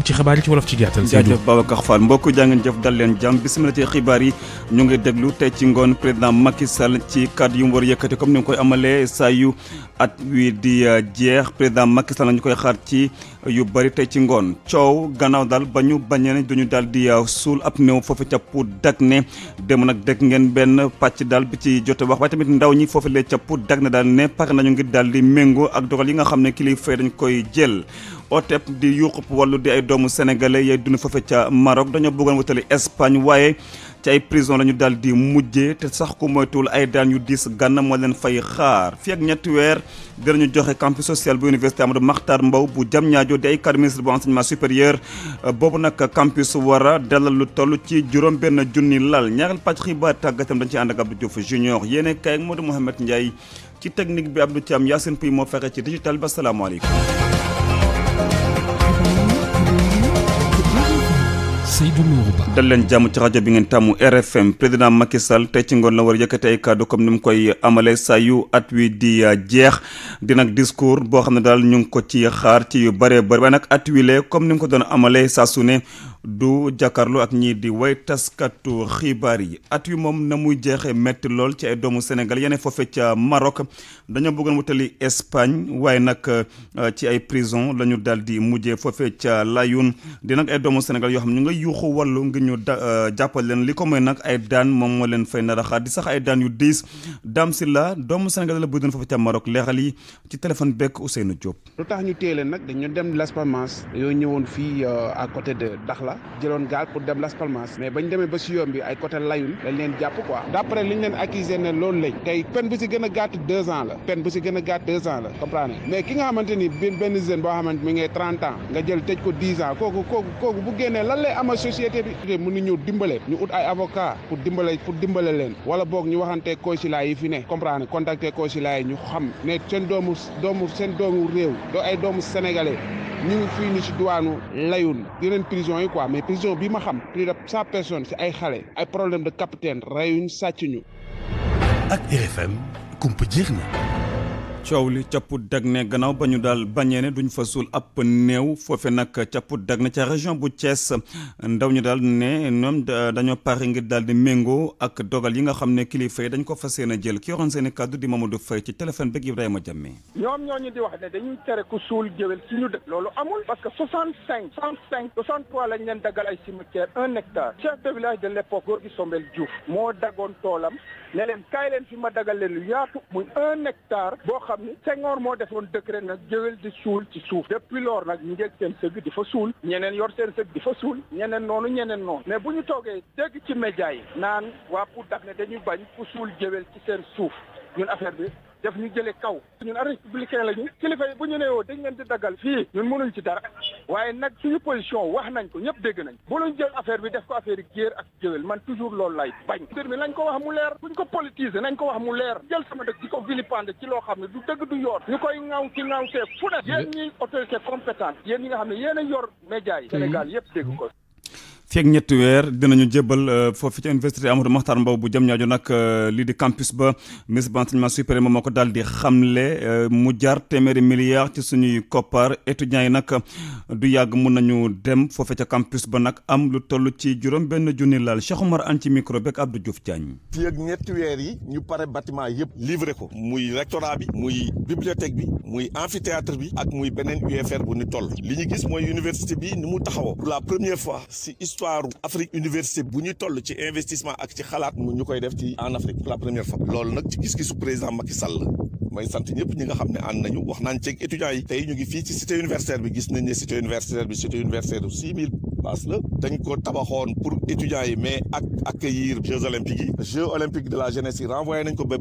ci xibaar yi ci wolof ci gàttal jaajëf Babacar Fall mbokk jàngeen jëf dal leen jàmm bisimilah ci xibaar yi ñu ngi déglu tey ci ngoon président Macky Sall ci kàddu yu mu war a yëkkati comme ni nga koy amalee saa yu at wii di uh, jeex président Macky Sall ñu koy xaar ci yu bari tey ci ngoon coow gannaaw daal ba ñu bañee ne duñu daal di uh, suul ab néew foofu ca Pout Dagné dem nag dégg ngeen benn pàcc daal bi ci jote wax waaye tamit ndaw ñi foofu lee ca Pout Dagné daal ne pare nañu ngir daal di méngoo ak dogal yi nga xam ne kilifa dañ koy jël OTEP di yuuxub wàllu di ay doomu sénégalais yay dund foofe ca Maroc dañoo bëggoon wutali Espagne waaye ci ay prison la ñu daal di mujjee te sax ku moytuwul ay daan yu diis gànn moo leen fay xaar fii ak ñetti weer ñu joxe campus social bu université Amadou Mahtar Mbow bu Diamniadio di ay cadre ministre bu enseignement supérieur boobu nag campus war a dalal lu toll ci juróom benn junni lal ñaareel pàcc xibaar tàggatam dañ ci ànd ak Abdou Diouf junior yéene kay ak Modou Mouhamed Ndiaye ci technique bi Abdou Thiam Yacine Pouy moo fexe ci digital bi asalaamaaleykum dal leen jàmm ci rajo bi ngeen tàmmu RFM président Macky Sall tey ci ngoon la war a yëkkati ay kàddu comme ni mu koy amale saa yu at wi di uh, jeex dina nag discours boo xam ne daal ñu ngi ko ci xaar ci yu bëree bëri waaye nag at comme ni mu ko doon amale saa su ne du jàkkaarloo ak ñii di way taskatu xibaar yi at yu moom na muy jeexee métti lool ci ay doomu Sénégal yeneen foofe ca Maroc dañoo bëggoon wutali Espagne waaye nag euh, ci ay prison la ñu daal di mujjee foofe ca Layun di nag ay doomu Sénégal yoo xam ñu nga yuuxu wàllu ngir ñu da euh, jàppal leen li ko mooy nag ay daan moom moo leen fay naraxaat di sax ay daan yu diis Dame Sylla doomu Sénégal la bu doon foofe ca Maroc leexal yi ci téléphone bekk Ousseynou Diop. lu tax ñu téye fii euh, à la jëloon gaal pour dem Las Palmas bañ demee ba si ay côté layun lañ leen jàpp quoi d' liñ leen accusé ne loolu tey peine bu si gën a gàtt la peine bu si gën a gàtt la comprendre mais ki nga xamante benn jël tëj ko dix kooku kooku bu génnee lan lay amal société bi dimbale ñu ut ay avocat pour dimbale pour dimbale leen wala boog ñu waxante consulat yi fi ne comprendre contacter consulat ñu xam ne seen doomu doomu seen quoi mais prison bi ma xam plus de cent personnes ay xale ay problème de capitaine reyuñ sàcc ñu. ak RFM kumpa jeex na. coow li capput dag ne gannaaw ba ñu daal bañee ne duñ fa suul ab néew foofe nag capput dag ne ca région bu Thiès ndaw ñu daal ne ñoom dañoo pare ngir daal di méngoo ak dogal yi nga xam ne kilifa yi dañ ko fas yéene jël ki yoroon seen i kàddu di Mamadou Faye ci téléphone beeg Ibrahima Jamme. ñoom ñoo ñu di wax ne dañuy tere ku suul géwél ci ñu dëkk. loolu amul parce que 65. 65 63 lañ leen daggal ay cimetière un hectare. chef de village ne leen kaay leen fi ma dagal leen lu yaatu muy un hectare boo xam ni Senghor moo defoon décret nag jëwel di suul ci suuf depuis loor nag ñu njëg seen sëgg di fa suul ñeneen yor seen sëgg di fa suul ñeneen noonu ñeneen noonu mais bu ñu toogee dégg ci média yi naan waa pour dak ne dañuy bañ ku suul jëwel ci seen suuf ñun affaire bi def ñu jëlee kaw ñun ay républicain la kilifa yi bu ñu newoo dañ leen di daggal fii ñun mënuñ ci dara waaye nag suñu position wax nañ ko ñëpp dégg nañ bu luñ jël affaire bi def ko affaire yi géer ak jëwel man toujours loolu lay bañ mbir mi nañ ko wax mu leer buñ ko politiser nañ ko wax mu leer jël sama dëkk di ko vilipender ci loo xam ne du dëgg du yoor ñu koy ŋaaw ci ŋaawtee fu ne yéen ñi autorité compétente yéen ñi nga xam ne yéen a yor média yi Sénégal yëpp dégg ko feeg ñetti weer dinañu jébbal euh, foofu ci université Amadou Mahtar Mbow bu Diamniadio nag euh, lii di campus ba ministre de l'enseignement supérieur moom moo ko daal di xamle euh, mu jar téeméeri milliards ci suñuy koppar étudiants yi nag du yàgg mun nañu dem foofe ca campus ba nag am lu toll ci juróom benn junni laal Cheikh Oumar Anne ci micro beeg Abdou Diouf Diagne. feeg yi ñu pare batiment yëpp livré ko muy rectorat bi muy bibliothèque bi muy amphithéâtre bi ak muy beneen UFR bu ñu toll li ñu gis bi ni mu la première fois histoire Afrique université bu ñu toll ci investissement ak ci xalaat mu ñu koy def ci en Afrique pour la première fois loolu nag ci gis-gisu président Macky Sall may sant ñëpp ñi nga xam ne ànd nañu wax naan ceeg étudiants yi tey ñu ngi fii ci cité universitaire bi gis nañ ne cité bi cité universitaire bi six mille place la dañ ko tabaxoon pour étudiants yi mais ak accueillir jeux olympiques yi jeux olympiques de la jeunesse yi renvoyé nañ ko ba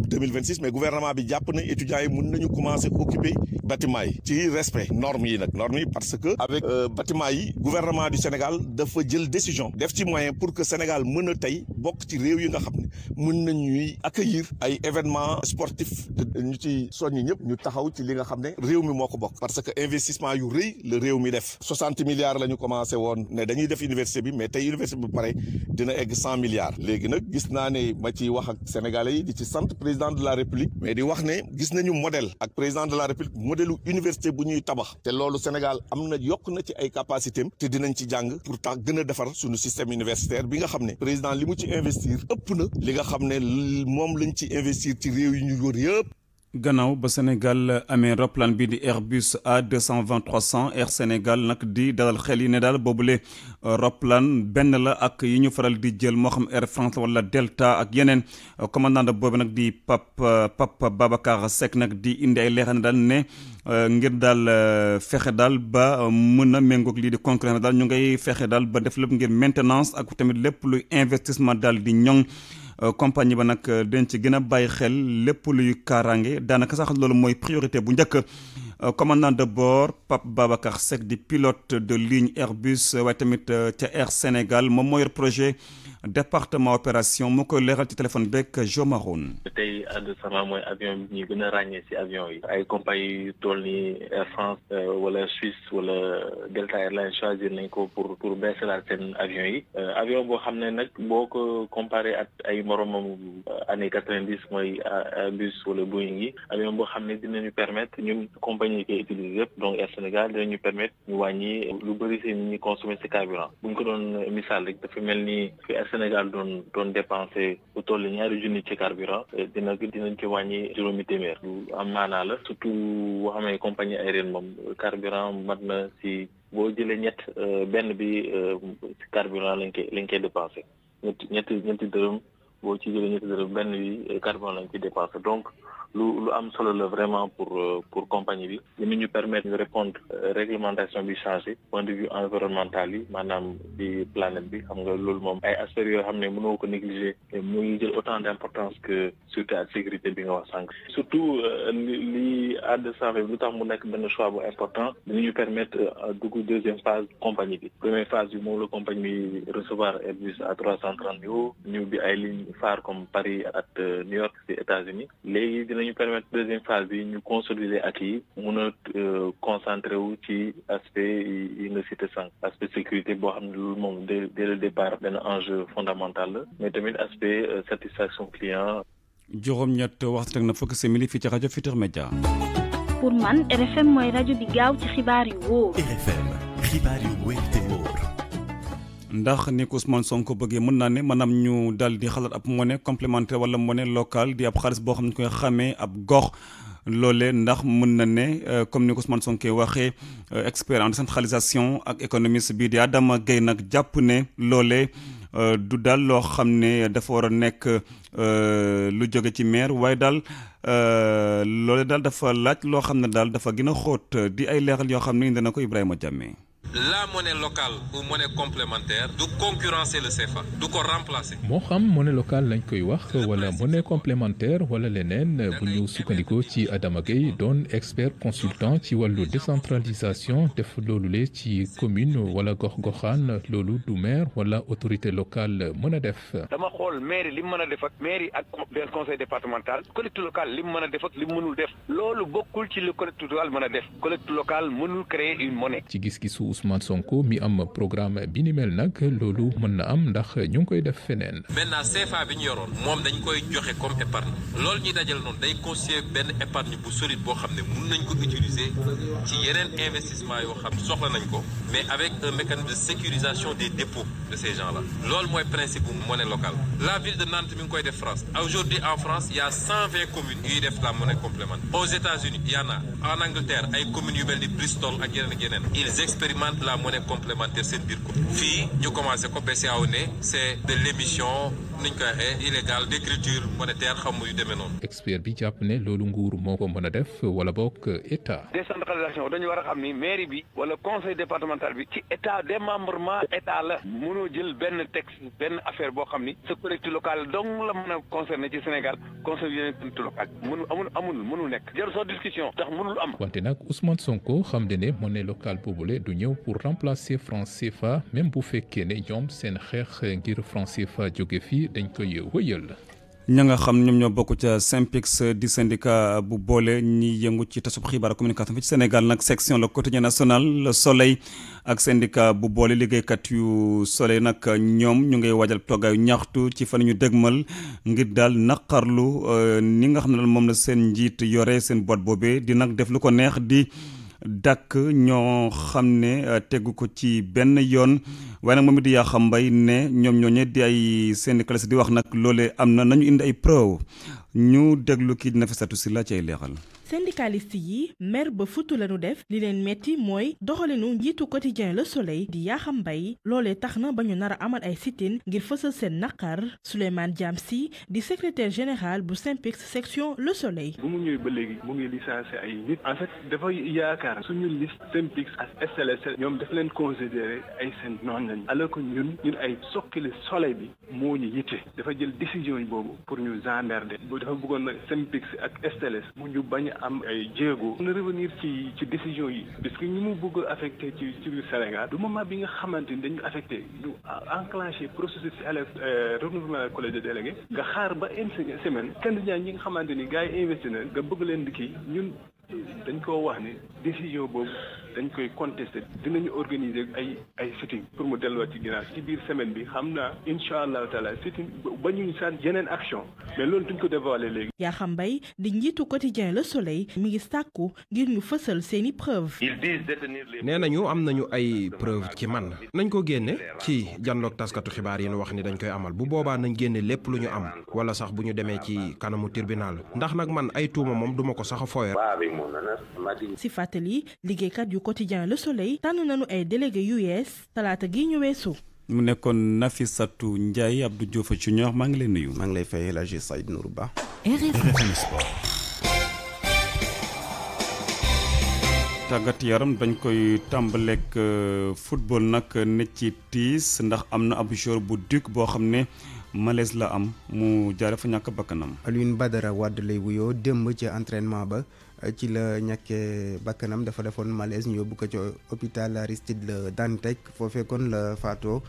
mais gouvernement bi jàpp na étudiants yi mun nañu commencer occuper bâtiment yi ci respect normes yi nag normes yi parce que avec euh, bâtiment yi gouvernement ci soññi ñëpp ñu taxaw ci li nga xam ne réew mi moo ko bokk parce que investissement yu rëy la réew mi def soixante milliards la ñu commencé woon ne dañuy def université bi mais tey université bi pare dina egg cent milliards léegi nag gis naa ne ma ciy wax ak sénégalais yi di ci sant président de la république mais di wax ne gis nañu modèle ak président de la république modèlu université bu ñuy tabax te loolu Sénégal am na yokk na ci ay capacité te dinañ ci jàng pour tax gën a defar suñu système universitaire bi nga xam ne président li mu ci investir ëpp na li xam ne moom lañ ci investir ci réew yi ñu wër gannaaw ba Sénégal amee roplaan bii di Airbus A220-300 Air Sénégal nag di dalal xel yi ne daal boobu boobule euh, roplaan benn la ak yi ñu faral di jël moo xam Air France wala Delta ak yeneen euh, commandant de nag di Pape euh, Pape Babacar Seck nag di indi ay leeral ne daal ne ngir daal fexe daal ba mën a méngoog lii di concurrence daal ñu ngay fexe daal ba def lépp ngir maintenance ak tamit lépp luy investissement daal di ñoŋ. Euh, compagnie ba nag euh, denc gën a bàyyi xel lépp luy kaaraange daanaka sax loolu mooy priorité bu njëkk Euh, commandant de bord Pape Babacar Seck di pilote de ligne Airbus euh, waaye tamit euh, ca Air Sénégal moom moo yor projet département opération mu koy leeral ci téléphone beeg Jo Maroon. tey ànd sama mooy avion bi ñuy gën a ràññee si avion yi. ay compagnie yu toll ni Air France wala Suisse wala Delta Airlines choisir nañ ko pour pour beesalaat seen avion yi. avion boo xam ne nag boo ko comparé ak ay moromam année quatre mooy Airbus wala Boeing yi avion boo xam ne dinañu moyens yi koy utiliser yëpp donc Air Sénégal dinañu permettre ñu wàññi lu bari si ni ñuy consommer si carburant bu ñu ko doon misaal rek dafa mel nii fi Air Sénégal doon doon dépensé bu toll ñaari junni ci carburant eh, dina dinañ ci wàññi juróomi téeméer lu am maanaa la surtout boo xamee compagnie aérienne moom carburant mat na si boo jëlee ñett eh, benn bi eh, si carburant lañ koy lañ koy dépensé ñetti ñetti ñetti dërëm boo ci jëlee ñetti dërëm benn bi eh, carburant lañ ci dépensé donc lu lu am solo la vraiment pour euh, pour compagnie bi dina ñu permettre ñu répondre euh, réglementation bi changé point de vue environnemental yi maanaam di planète bi xam nga loolu moom ay aspects yoo xam ne mënoo ko négliger muy jël autant d' importance que sûreté ak sécurité bi nga wax sànq surtout euh, li li àdd sanfe bi lu tax mu nekk benn choix bu important nu ñu permettre dugg deuxième phase compagnie bi première phase bi moom la compagnie bi recevoir Airbus à trois cent trente ay lignes phares comme Paris ak euh, New York ci États-Unis léegi dinañu permettre deuxième phase bi ñu consolider ak yi mun a euh, wu ci aspe yi nga cité sànq aspect sécurité boo xam ne loolu moom dès le départ benn enjeu fondamental la mais tamit aspect euh, satisfaction client. juróom-ñett waxtu teg na fukki simili fii ci rajo Futurs Médias. pour man RFM mooy rajo bi gaaw ci xibaar yu wóor. ndax ni ko Ousmane Sonko bëggee mën naa ne maanaam ñu dal di xalaat ab monnaie complémentaire wala monnaie locale di ab xaalis boo xam ne koy xamee ab gox loolee ndax mën na ne euh, comme ni ko Ousmane Sonko waxee euh, expert en décentralisation ak économiste bii di Adama Gueye nag jàpp ne loole euh, du daal loo xam ne dafa war a nekk lu jóge ci maire waaye daal loolee daal dafa laaj loo xam ne daal dafa gën a xóot di ay leeral yoo xam ne indi na ko Ibrahima Diamé la monnaie locale ou monnaie complémentaire du concurrencer le CFA du ko remplacer. moo xam monnaie locale lañ koy wax wala monnaie complémentaire wala leneen bu ñëw sukkandikoo ci Adama Gueye doon expert consultant ci wàllu décentralisation def loolu le ci commune wala gox-goxaan loolu du maire wala autorité locale mën a def. dama xool mairie li mu mën a def ak mairie ak conseil départemental collectivité locale li mën a def ak li mu mënul def loolu bokkul ci li collectivité locale mën a def collectivité locale mënul créer une monnaie. ci gis-gisu Ousmane Sonko mi am programme bi ni mel nag loolu mën na am ndax ñu ngi koy def feneen. maintenant CFA bi ñu yoroon moom dañ koy joxe comme épargne loolu ñuy dajal noonu day constituer benn épargne bu solide boo xam ne mun nañ ko utiliser ci yeneen investissement yoo xam soxla nañ ko mais avec un mécanisme de sécurisation des dépôts de ces gens là. loolu mooy principe bu monnaie locale. la ville de Nantes mi ngi koy def France aujourd'hui en France il y a 120 communes yuy def la monnaie en en maanaam de la monnaie complémentaire seen biir ko fii ñu commencé ko BCEAO ne c'est de l'émission comme niñ ko waxee illégal d'écriture monétaire xam yu demee noonu. expert bi jàpp ne loolu nguur moo ko mën a def wala boog état. décentralisation dañu war a xam ni mairie bi wala conseil départemental bi ci de membrement état la. mënoo jël benn texte benn affaire boo xam ni sa collectivité locale dong la mën a concerné ci Sénégal conseil yeneen collectivité locale mënul amul amul mënul nekk. jarul sax discussion tax mënul am. wante nag Ousmane Sonko xam ne ne monnaie locale boobule du ñëw pour remplacer franc CFA même bu fekkee ne seen xeex ngir franc CFA fii. dañ koy wëyal. ña nga xam ñoom ñoo bokk ca SYNPICS di syndicat bu boole ñi yëngu ci tasub xibaar communication fi ci Sénégal nag section le quotidien national le soleil ak syndicat bu boole liggéeykat yu soleil nag ñoom ñu ngay waajal toggaayu ñaxtu ci fan ñu dégmal ngir daal naqarlu euh, ni nga xam ne daal moom la seen njiit yore seen boîte boobee di nag def lu ko neex di. dàkk ñoo xam ne euh, tegu ko ci benn yoon waaye nag moom it yaa xam mbay ne ñoom ñooñu di ay syndicaliste di wax nag loole am na nañu indi ay preuve ñu déglu kii Nafissatou Sylla ci ay leexal syndicaliste yi mer ba futu lañu def li leen metti mooy doxalinu njiitu quotidien Le Soleil di Yakham Mbaye loolee tax na ba ñu nar amal ay sit-in ngir fësal seen naqar Souleymane Diam Sy di secrétaire général bu SYNPICS section Le Soleil. bu mu ñëwee ba léegi mu ngi licencié ay nit en fait dafa yaakaar suñu liste SYNPICS ak SLS ñoom daf leen considéré ay seen noon lañu alors que ñun ñun ay sokkili soleil bi moo ñu yitte dafa jël décision yi boobu pour ñu gendarme dafa bëggoon am ay jéego. na revenir ci ci décision yi. parce que ñu mu bëgg affecté ci ci biir Sénégal. du moment bi nga xamante ni dañu affecté du enclenché processus euh, renouvellement collège de délégué. nga xaar ba une semaine. candidat ñi nga xamante ni gars yi investi na nga bëgg leen di kii ñun dañ koo wax ni décision boobu. dañ koy contester dinañu organiser ay ay sitting pour mu delluwaat ci ginnaaw ci biir semaine bi xam naa incha allahu taala sitting ba ñu saat yeneen action mais loolu dañ ko dévoiler léegi. xam Mbaye di njiitu quotidien Le Soleil mi ngi sàkku ngir ñu fësal seeni preuve nee ñu am nañu ay preuve ci man nañ ko génne ci janloog taskatu xibaar yi ñu wax ni dañ koy amal bu boobaa nañ génne lépp lu ñu am wala sax bu ñu demee ci kanamu tribunal ndax nag man ay tuuma moom duma ko sax a fooyee. quotidien Le ay délégué yu yees talaata gi ñu weesu. mu nekkoon Nafissatou Ndiaye Abdou Diouf Junior maa ngi lay nuyu. maa ngi lay fay El Hadj Saïd Nourou tàggat yaram dañ koy tàmbaleeg euh, football nag ne ci tiis ndax am na ab joueur bu Duc boo xam ne malaise la am mu jaare fa ñàkk bakkanam Alioune Badara Wade lay wuyoo démb ci entraînement ba ci la ñàkkee bakkanam dafa defoon malaise ñu yóbbu ko ci hôpital Aristide Le Dantec foofee kon la faatoo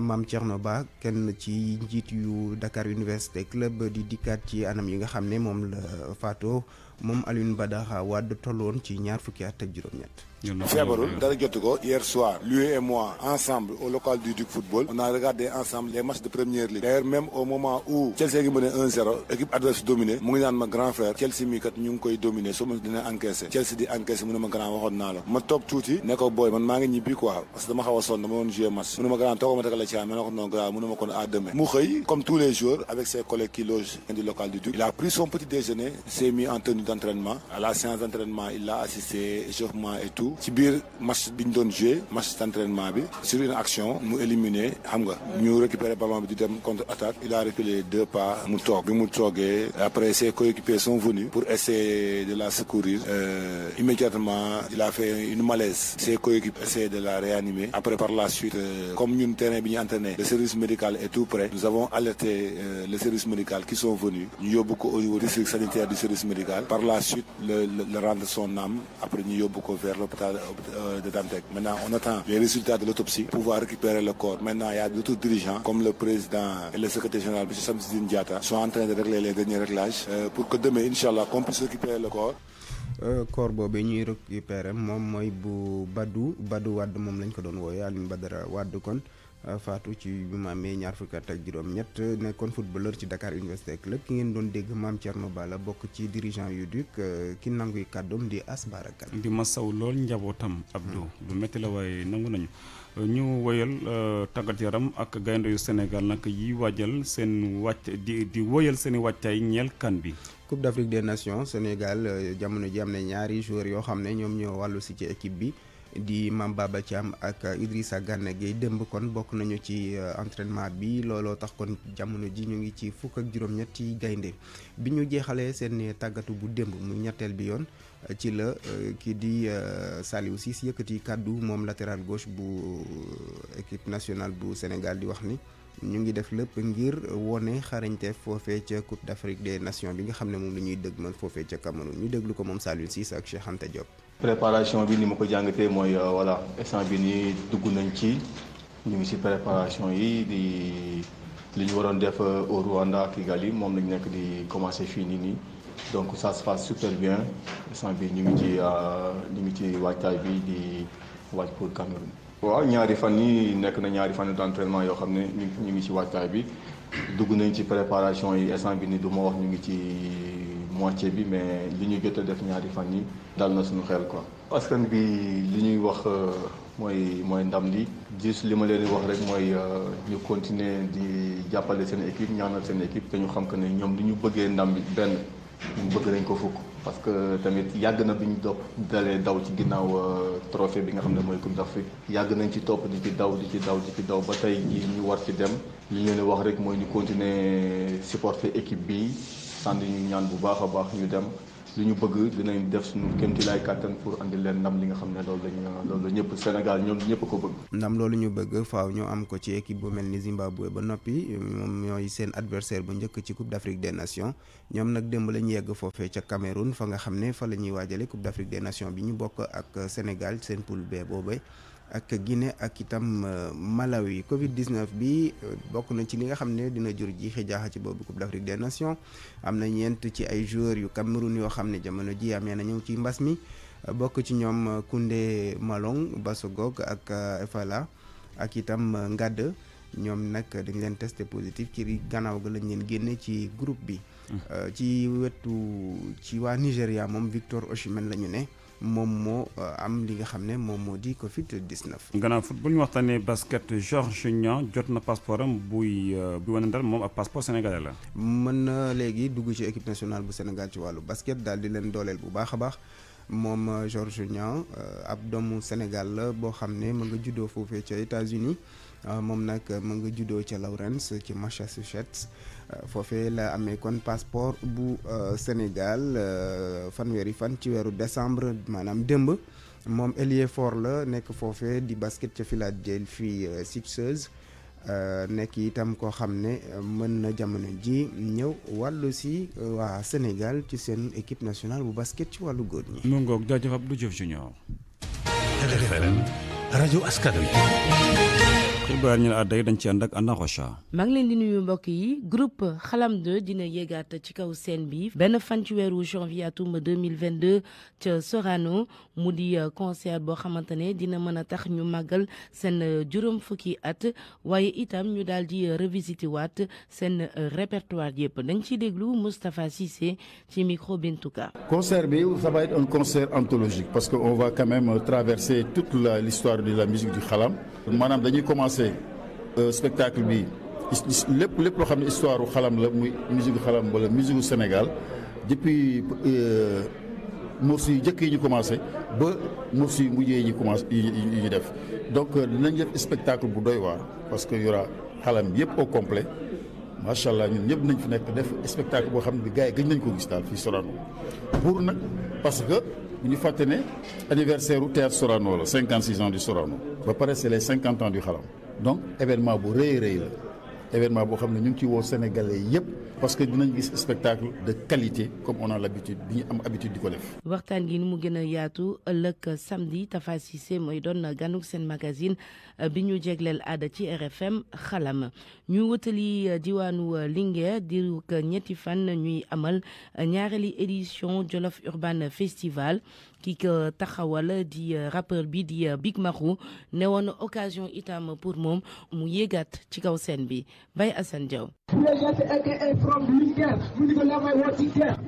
maam Thierno Ba kenn ci njiit yu Dakar Université Club di dikkaat ci anam yi nga xam ne moom la faatoo moom Alioune Badara Wade tolloon ci ñaar fukki at ak juróom-ñett. feebarul dara jotu ko hier soir lui et moi ensemble au local du Duc Football on a regardé ensemble les matchs de première ligue d'ailleurs même au moment où Chelsea gi mu ne 1 équipe adverse dominée mu ngi naan ma grand frère Chelsea mii kat ñu ngi koy dominé su ma dina encaissé Chelsea di encaissé mu ma grand waxoon naa la ma toog tuuti ne booy man maa ngi ñibbi quoi parce d'entraînement à la séance d'entraînement il a assisté échauffement et tout ci biir match bi ñu doon joué match d'entraînement bi sur une action mu éliminé xam nga ñu récupéré ballon bi di dem contre attaque il a reculé deux pas mu toog bi mu toogee après ses coéquipiers sont venus pour essayer de la secourir euh, immédiatement il a fait une malaise ses coéquipiers essayaient de la réanimer après par la suite euh, comme ñun terrain bi ñu entraîné le service médical est tout prêt la suite son âme après ñu yóbbu ko vers l'hôpital euh, de Dantec maintenant on attend les résultats de l'autopsie pour pouvoir récupérer le corps maintenant il y a d'autres dirigeants comme le président et le secrétaire général monsieur Samsidine Diatta sont en de régler les derniers réglages euh, pour que demain inchallah qu'on puisse récupérer le corps euh, corps boobu ñuy récupérer moom mooy bu Badou Badou Wade moom lañ ko doon wooye Alioune Badara Wade kon Euh, faatu ci bi mu amee ñaar fukki at ak juróom-ñett nekkoon footballeur ci Dakar Université Club ki ngeen doon dégg Mame Thierno Bala bokk ci dirigeant yu duk euh, ki nanguy kàddoom di As Baraka. di saw lool njabootam. Abdou hmm. lu métti la waaye nangu nañu. ñu woyal euh, tàggat yaram ak gaynde yu Sénégal nag yi wajal seen wàcc di di woyal seen i wàccaay ñeel kan bi. Coupe d'Afrique des Nations Sénégal jamono ji am ne ñaari joueurs yoo xam ne ñoom ñoo wàllu si ci équipe bi. di Mame Baba Thiam ak Idrissa Gana gi démb kon bokk nañu ci euh, entraînement bi looloo tax kon jamono ji ñu ngi ci fukk ak juróom-ñetti gaynde bi ñu jeexalee seen tàggatu bu démb mu ñetteel bi yoon ci la euh, kii di euh, Saliou Ciss yëkkati kàddu moom latéral gauche bu équipe nationale bu Sénégal di wax ni ñu ngi def lépp ngir wone xarañte foofee ca Coupe d'Afrique des Nations bi nga xam ne moom la ñuy dëgmal foofee ca Cameroun ñu déglu ko moom Saliou Ciss ak Cheikh Anta préparation bi ni ma ko jàngatee mooy euh, voilà instant bi nii dugg nañ ci ñu ngi ci préparation yi di li ñu waroon def euh, au Rwanda Kigali moom lañ nekk di commencé fii nii nii donc sa se passe super bien instant bi ñu ngi ci euh, ñu ngi ci waajtaay bi di waaj pour Cameroun. waaw ñaari fan yi nekk na ñaari fan d'entraînement yoo xam ne ñu ngi ñu ngi ci waajtaay bi dugg nañ ci préparation yi instant bi nii du ma wax ñu ngi ci. moitié bi mais li ñu jot def ñaari fan yi dal na suñu xel quoi. askan bi li ñuy wax euh, mooy mooy ndam li gis li ma leen di wax rek mooy euh, ñu continuer di jàppale seen équipe ñaanal seen équipe te ñu xam que ne ñoom li ñu bëggee ndam bi benn ñu bëgg nañ ko fukk. parce que tamit yàgg na bi ñu dopp dalee daw ci ginnaaw euh, trophée bi nga xam ne mooy Coupe d'Afrique yàgg nañ ci topp di ci daw di ci daw di daw ba tey ji ñu war ci dem li ñu leen wax rek mooy ñu continuer supporter équipe bi sànni ñu ñaan bu baax a baax ñu dem lu ñu bëgg dinañ def suñu kéemtilaay kàttan pour andi leen ndam li nga xam ne loolu lañu loolu la ñëpp Sénégal ñoom ñëpp ko bëgg. ndam loolu ñu bëgg faaw ñoo am ko ci équipe bu mel ni Zimbabwe ba noppi moom ñooy seen adversaire bu njëkk ci Coupe d'Afrique des Nations ñoom nag démb lañu yegg foofee ca Cameroun fa nga xam ne fa la ñuy waajale Coupe d'Afrique des Nations bi ñu bokk ak Sénégal seen poule B boobee. ak Guinée ak itam euh, Malawi Covid 19 bi euh, bokk na ci li nga xam ne dina jur jiixi jaaxa ci boobu coup d'Afrique des Nations am na ñeent ci ay joueurs yu Cameroun yoo xam ne jamono ji amee na ñëw ci mbas mi bokk ci ñoom euh, Koundé Malong Bassogog ak Efala ak itam Ngade ñoom nag dañ leen teste positif ci gannaaw ga lañ leen génne ci groupe bi. ci wetu ci waa Nigéria moom Victor Osimhen la ñu ne. moom moo euh, am li nga xam ne moom moo di Covid 19. gannaaw foot bu ñu waxtaanee basket Georges Niang jot na passeport am buy euh, bu wane dal moom ab passeport sénégalais la. mën na léegi dugg ci équipe nationale bu Sénégal ci wàllu basket daal di leen dooleel bu baax a baax. moom Georges euh, Niang ab doomu Sénégal la boo xam ne ma nga juddoo foofu ca États-Unis Euh, moom nag mu nga juddoo ca Lawrence ci Massachusetts euh, foofee la amee kon passeport bu euh, Sénégal fanweeri fan ci weeru décembre maanaam démb moom ailier fort la nekk foofe di basket ca Philadelphia Sixers nekk itam koo xam ne mën na jamono ji ñëw wàllu si waa Sénégal ci seen équipe nationale bu basket ci wàllu góor ñi. mu ngoog jaajëf Abdou Diouf Junior. xibaar ñu ne àdday dañ ci ànd ak Anna Rocha. maa ngi leen di nuyu mbokk yi groupe xalam 2 dina yéegaat ci kaw scène bi benn fan ci weeru janvier atum ca Sorano mu di euh, concert boo xamante ne dina mën a tax ñu màggal seen euh, juróom fukki at waaye itam ñu daal di euh, revisiter waat seen répertoire yëpp dañ ciy déglu Moustapha Cissé ci micro Bintouka. concert bi ça va être parce que on va traverser toute la l'histoire de la musique du xalam maanaam dañuy commencer. commencé euh, spectacle bi lépp lépp loo xam ne histoire xalam la muy musique xalam wala musique Sénégal depuis euh, morceau yu njëkk yi ñu commencé ba morceau yi mujjee yi ñu commencé yi ñu def donc euh, dinañ def spectacle bu doy waar parce que y aura xalam yëpp au complet macha allah ñun ñëpp nañ fi nekk def spectacle boo xam ne bi gars yi gëj nañ ko gis daal fii Sorano pour nag parce que bu ñu fàtte ne anniversaire u théâtre Sorano la 56 ans du Sorano ba pare c'est les 50 ans du xalam donc événement bu rëy rëy la événement boo xam ne ñu ngi ciy woo sénégalais yépp parce que dinañ gis spectacle de qualité comme on a l'habitude bi ñu am habitude di ko def. waxtaan gi ni mu gën a yaatu ëllëg samedi Tafa Cissé mooy doon ganuk seen magazine bi ñu jegleel aada ci RFM xalam ñuy wëtali diwaanu Linguère diiru ñetti fan ñuy amal ñaareeli édition Jolof Urban Festival. ki ko taxawal di euh, rappeur bi di euh, Big Maxu ne woon occasion itam pour moom mu yéegaat ci kaw seen bi bay Assane Diaw.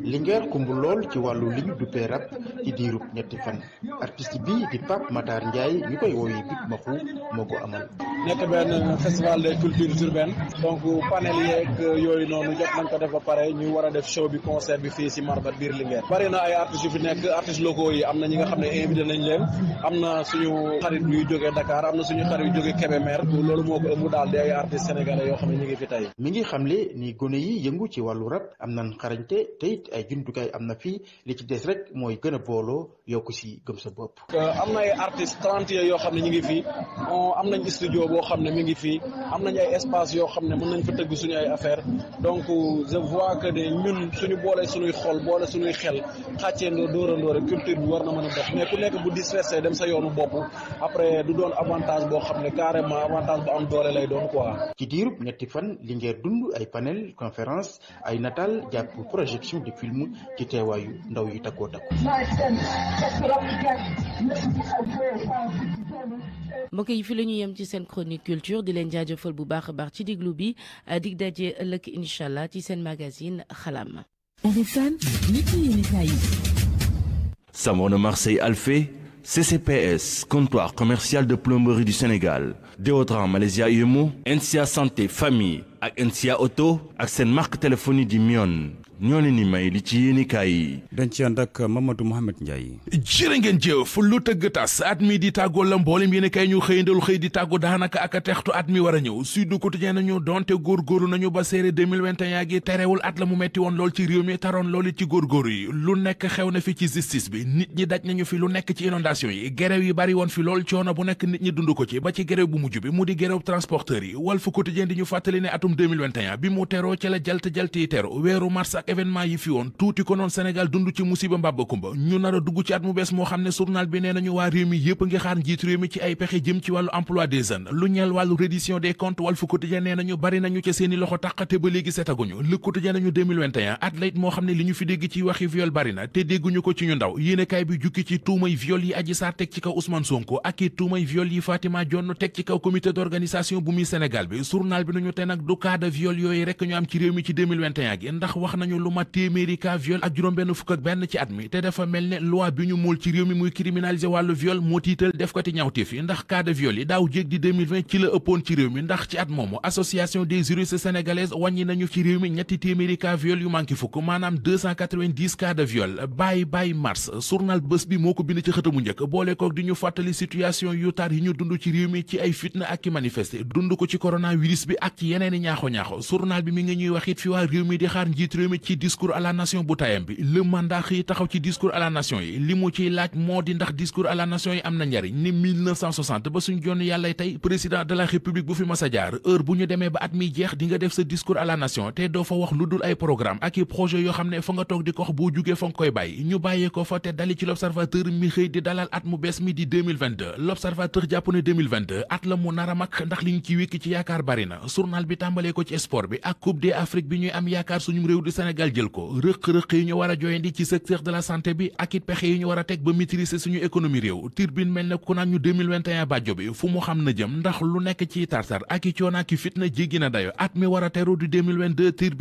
Linguère kumbu lool ci wàllu ligne du rap ci diirub ñetti fan artiste bi di Pape Matar Ndiaye ñu koy woowee Big Maxu moo ko amal. nekk benn festival des cultures urbaines donc panel yeeg yooyu noonu jot nañ ko def ba pare ñu war def show bi concert biir Linguère. bari na ay artistes yu fi nekk artistes locaux yi yi am na ñi nga xam ne invité nañ leen am na suñu xarit yu jógee Dakar am na suñu xarit yu jógee Kébémer loolu moo ko ëmb daal di ay artistes sénégalais yoo xam ne ñu ngi fi wàllu rap am nañ xarañte te it ay jumtukaay am na fii li ci des rek mooy gën a booloo yokku si gëm sa bopp. Euh, am na ay yoo xam ne ñu ngi fi am nañ studio boo xam ne mi ngi fi am nañ ay espace yoo xam ne mën nañ fa tëgg suñu ay affaire donc je vois que ne ñun suñu boole suñuy xol boole suñuy xel xàcceendoo dóorandoo rek culture war na mën a dox ku nekk bu distressé dem sa yoonu bopp après du doon avantage boo xam ne carrément avantage bu am doole lay doon quoi. ci diirub ñetti fan li ngeen dund ay panel conférence ay nataal jàpp projection de film ci teewaayu ndaw yi takkoo takku. mbokk yi fi la ñu yem ci seen chronique culture di leen jaajëfal bu baax a baax ci diglu bi ay dig daje ëllëg incha ci seen magazine xalam. Samona Marseille Alphée CCPS comptoir commercial de plomberie du Sénégal Deodran Malaysia Yemo NCA Santé famille ak NCA Auto ak seen marque téléphonique di Mion ñoo leen ni may li ci yéenikaay yi dañ ci ànd ak Mamadou Mohamed Ndiaye jërë ngeen jëf lu tëgg tas at mi di tàggoo la mboolem yéenikaay ñu xëyandal xëy di tàggu daanaka ak a textu at mi war a ñëw Sud Quotidien nañu donte góorgóoru nañu ba séeré 2021 gi terewul at la mu metti woon lool ci réew mi taroon loolu ci góorgóoru yi lu nekk xew na fi ci justice bi nit ñi daj nañu fi lu nekk ci inondation yi gerew yi bari woon fi lool coono bu nekk nit ñi dund ko ci ba ci gerew bu mujj bi mu di gerew transporteur yi Walf Quotidien di ñu fàttali ne atum 2021 bi mu teroo ci la jalt jalt yi tero weeru mars événement yi fi woon tuuti ko noon Sénégal dund ci musiba mbàbba kumba ñu nar dugg ci at mu bees moo xam ne journal bi nee nañu waa réew mi yëpp ngi xaar njiit réew mi ci ay pexe jëm ci wàllu emploi des jeunes lu ñeel wàllu reddition des comptes Walf Quotidien nee nañu bari nañu ca seeni loxo tàqate ba léegi setaguñu Le Quotidien nañu at la moo xam ne li ñu fi dégg ci waxi viol bari na te dégguñu ko ci ñu ndaw yéenekaay bi jukki ci tuumay viol yi Adji Sarr teg ci kaw Ousmane Sonko ak i tuumay viol yi Fatima Dione teg ci kaw comité d'organisation bu muy Sénégal bi journal bi nañu te nag du cas de viol yooyu am ci mi ci 2021 gi ndax wax nañu lu ma téeméeri cas viol ak juróom-benn fukk ak benn ci at mi te dafa mel ne loi bi ñu muul ci réew mi muy criminaliser wàllu viol moo tiital def ko ti ñawteef yi ndax cas de viol yi daaw jéeg di ci la ëppoon ci réew mi ndax ci at moomu association des juristes sénégalaises wàññi nañu ci réew mi ñetti téeméeri cas viol yu manqué fukk maanaam 290 de viol bàyyi bàyyi mars journal bés bi moo ko bind ci xëtamu njëkk boole koog di ñu fàttali situation yi ñu dund ci réew mi ci ay fitna ak ki manifesté ko ci coronavirus bi i ñaaxo ñaaxo journal ci discours à la nation bu tayam bi le mandat xëy taxaw ci discours à la nation yi li mu ciy laaj moo di ndax discours à la nation yi am na njariñ ni ba suñ jonn yàllay tey président de la république bu fi mas heure bu ñu demee ba at mi jeex di def sa discours à la nation te doo fa wax lu dul ay programme ak i projet yoo xam ne fa nga toog di ko wax boo jugee fa koy bàyyi ñu bàyyee fa te dali ci l'observateur mi xëy di dalal at mu Sénégal jël ko rëq-rëq yi ñu war a joyandi ci a mi a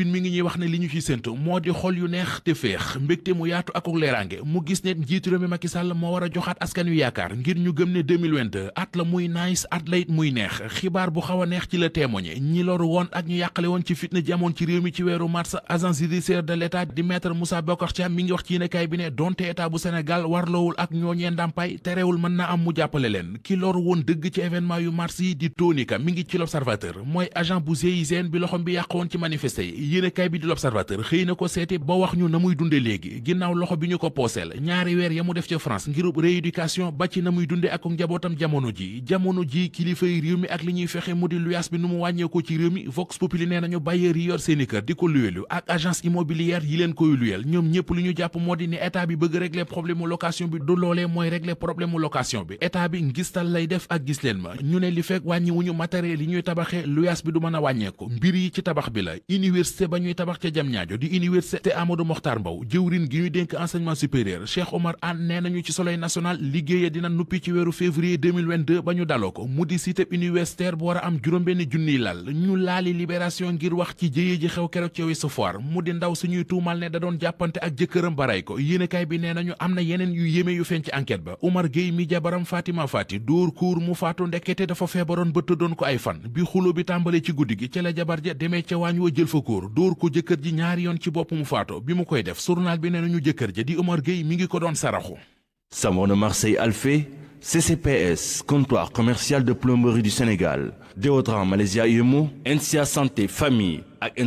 ngi wax ne li ñu ci séntu moo di xol yu neex te féex mbégte mu yaatu ak leeraange mu gis ne njiitu mi Macky Sall moo war a joxaat askan yu yaakaar ngir ñu gëm ne at la muy nice at la muy neex xibaar bu xaw a neex ci la témoigné ñi loru woon ak ñu yàqale woon ci fitna ji ci réew mi ci weeru mars agence investisseur de l'État di maître Moussa Bokar Thiam mi ngi wax ci yéenekaay bi ne donte état bu Sénégal warloowul ak ñooñee ndàmpaay terewul mën na am mu jàppale leen ki lor woon dëgg ci événement yu mars yi di Tonika mi ngi ci l'Observateur mooy agent bu GIGN bi loxom bi yàqoon ci manifesté yi yéenekaay bi di l'Observateur xëy na ko seeti ba wax ñu na muy dunde léegi ginnaaw loxo bi ñu ko pooseel ñaari weer ya mu def ca France ngirub rééducation ba ci na muy dunde ak njabootam jamono ji jamono ji kilifa yi réew mi ak li ñuy fexe mu di luyaas bi nu mu wàññeekoo ci réew mi Vox Populi nee nañu bailleurs yi yor seeni kër di ko luwelu immobilière yi leen koy luyeel ñoom ñëpp li ñu jàpp moo di ne état bi bëgg régler problème location bi du loolee mooy régler problème location bi état bi ngistal lay def ak gis leen ma ñu ne li fekk wàññi wuñu matériel yi ñuy tabaxee luyaas bi du mën a wàññeeku mbir yi ci tabax bi la université ba ñuy tabax ca jam ñaajo di université Amadou Mokhtar Mbow jëwrin gi ñu dénk enseignement supérieur Cheikh Omar Anne nee nañu ci soleil national liggéeye dina nuppi ci weeru février 2022 ba ñu daloo ko mu di cité universitaire bu war a am juróom-benn junniy lal ñu laali libération ngir wax ndaw suñuy tuumal ne da doon jàppante ak jëkkëram baray ko yéenekaay bi nee nañu am na yeneen yu yéeme yu feeñ ci enquête ba Oumar Gueye mi jabaram Fatima Fati dóor kuur mu faatu ndekete dafa feebaroon ba tëddoon ko ay fan bi xulo bi tàmbalee ci guddi gi ca la jabar ja demee ca waañ wa jël fa kuur dóor ko jëkkër ji ñaari yoon ci bopp mu faato bi mu koy def journal bi nee nañu jëkkër ja di Oumar Gueye mi ngi ko doon saraxu Samone Marseille Alfé CCPS comptoir commercial de plomberie du Sénégal Deodran Malaysia Yemo NCA Santé famille ak